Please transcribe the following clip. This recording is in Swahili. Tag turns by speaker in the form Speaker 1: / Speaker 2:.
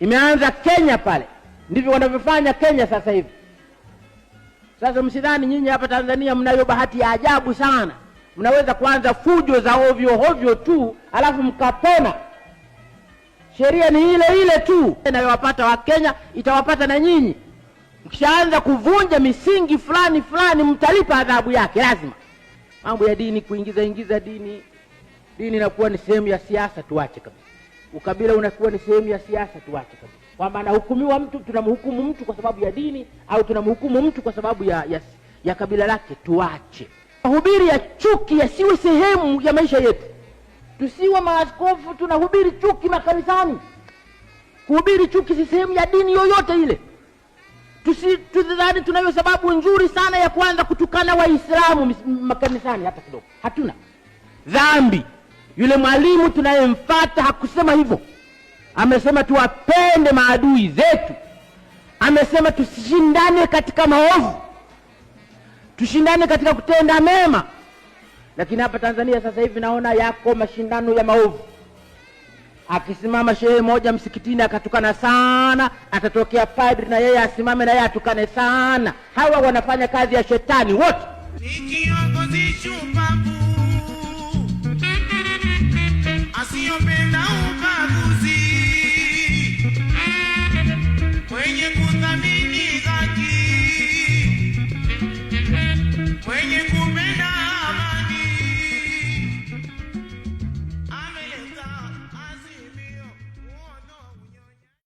Speaker 1: Imeanza Kenya pale, ndivyo wanavyofanya Kenya sasa hivi. Sasa msidhani nyinyi hapa Tanzania mnayo bahati ya ajabu sana, mnaweza kuanza fujo za ovyo ovyo tu alafu mkapona. Sheria ni ile ile tu inayowapata Wakenya, itawapata na nyinyi. Mkishaanza kuvunja misingi fulani fulani, mtalipa adhabu yake lazima. Mambo ya dini, kuingiza ingiza dini, dini inakuwa ni sehemu ya siasa, tuache kabisa. Ukabila unakuwa ni sehemu ya siasa, tuache kabisa, kwamba anahukumiwa mtu, tunamhukumu mtu kwa sababu ya dini au tunamhukumu mtu kwa sababu ya, ya, ya kabila lake. Tuache mahubiri ya chuki yasiwe sehemu ya maisha yetu. Tusiwe maaskofu tunahubiri chuki makanisani. Kuhubiri chuki si sehemu ya dini yoyote ile. Tusidhani tunayo sababu nzuri sana ya kuanza kutukana Waislamu makanisani hata kidogo. Hatuna dhambi yule mwalimu tunayemfata hakusema hivyo, amesema tuwapende maadui zetu, amesema tusishindane katika maovu, tushindane katika kutenda mema. Lakini hapa Tanzania sasa hivi naona yako mashindano ya maovu. Akisimama shehe moja msikitini akatukana sana, atatokea padri na yeye asimame na yeye atukane sana. Hawa wanafanya kazi ya shetani wote. down